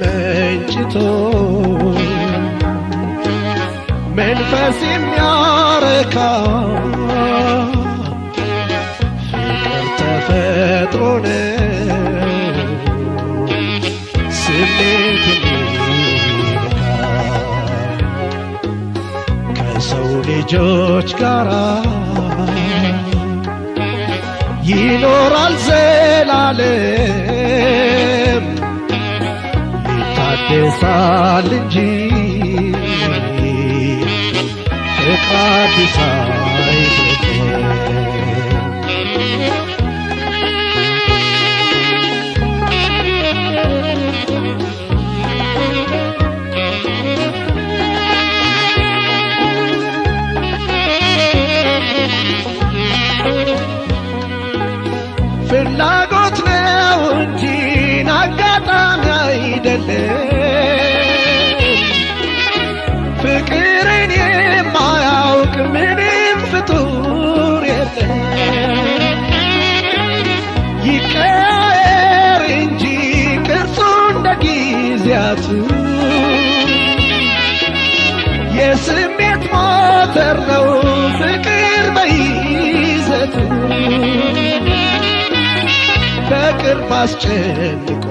መንጭቶ መንፈስ የሚያረካ ፍቅር ተፈጥሮ ስሜት ከሰው ልጆች ጋራ ይኖራል ዘላለም के साल जी Lago ይቀየር እንጂ ቅርጹ እንደ ጊዜያት የስሜት ሞተር ነው ፍቅር በይዘቱ በቅርብ አስጨንቆ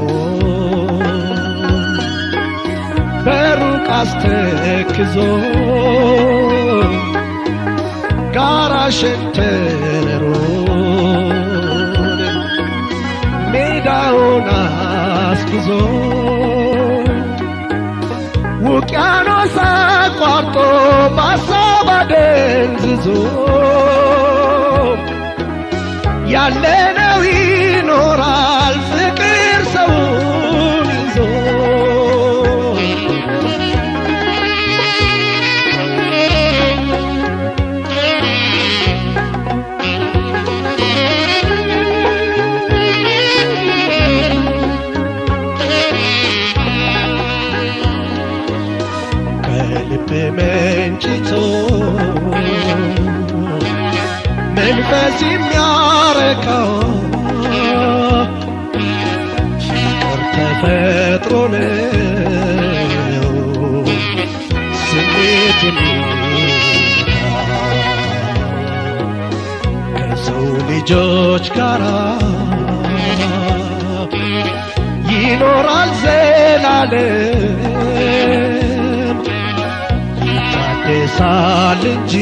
በሩቅ አስተክዞ ጋራ ሸንተረሮ ጉዞ ውቅያኖስ አቋርጦ በሀሳብ አደንዝዞ ያለነው ይኖራል መንፈስ የሚያረካው ተፈጥሮ ነው ስሜት ከሰው ልጆች ጋራ ይኖራል ዘላለም ይታደሳል እንጂ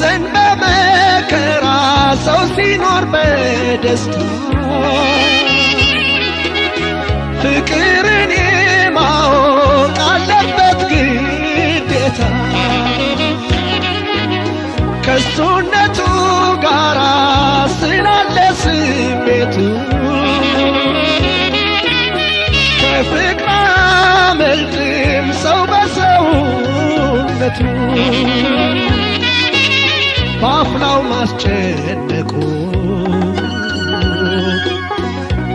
በሐዘን በመከራ ሰው ሲኖር በደስታ ፍቅርን የማወቅ አለበት ግዴታ ከሱነቱ ጋራ ስላለ ስሜቱ ከፍቅር አመልጥም ሰው በሰውነቱ በአፍላው ማስጨነቁ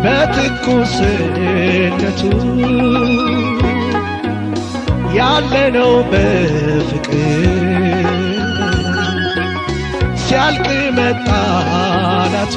በትኩስነቱ ያለነው በፍቅር ሲያልቅ መጣላቱ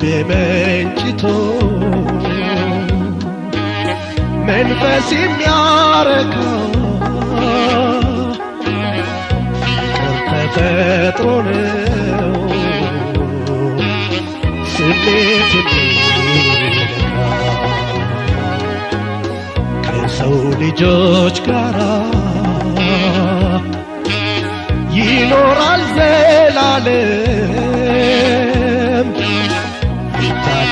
بمن چطور منفسیم یارکا تفطرو نو سبت ከሰው ልጆች ጋራ ይኖራል ዘላለም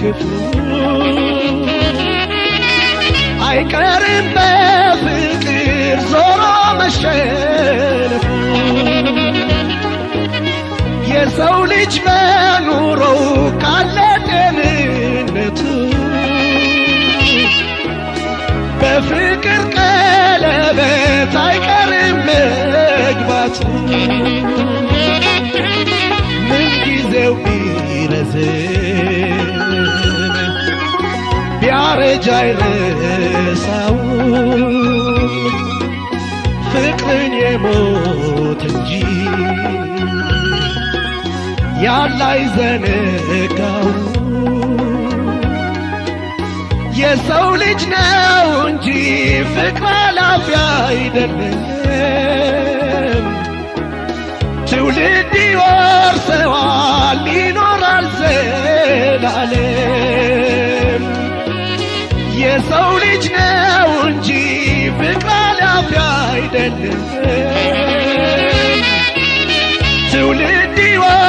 ክፉ አይቀርም በፍቅር ዞሮ መሸነፉ የሰው ልጅ በኑሮው ካለ ጤንነቱ በፍቅር ቀለበት አይቀርም መግባቱ ልጅ አይረሳው ፍቅርን የሞት እንጂ ያላይ ዘነጋው የሰው ልጅ ነው እንጂ ፍቅር አላፊ አይደለም። ትውልድ ይወርሰዋል ይኖራል ዘላለም። የሰው ልጅ ነው እንጂ ብቃላት አይደለም ትውልድ ይዋ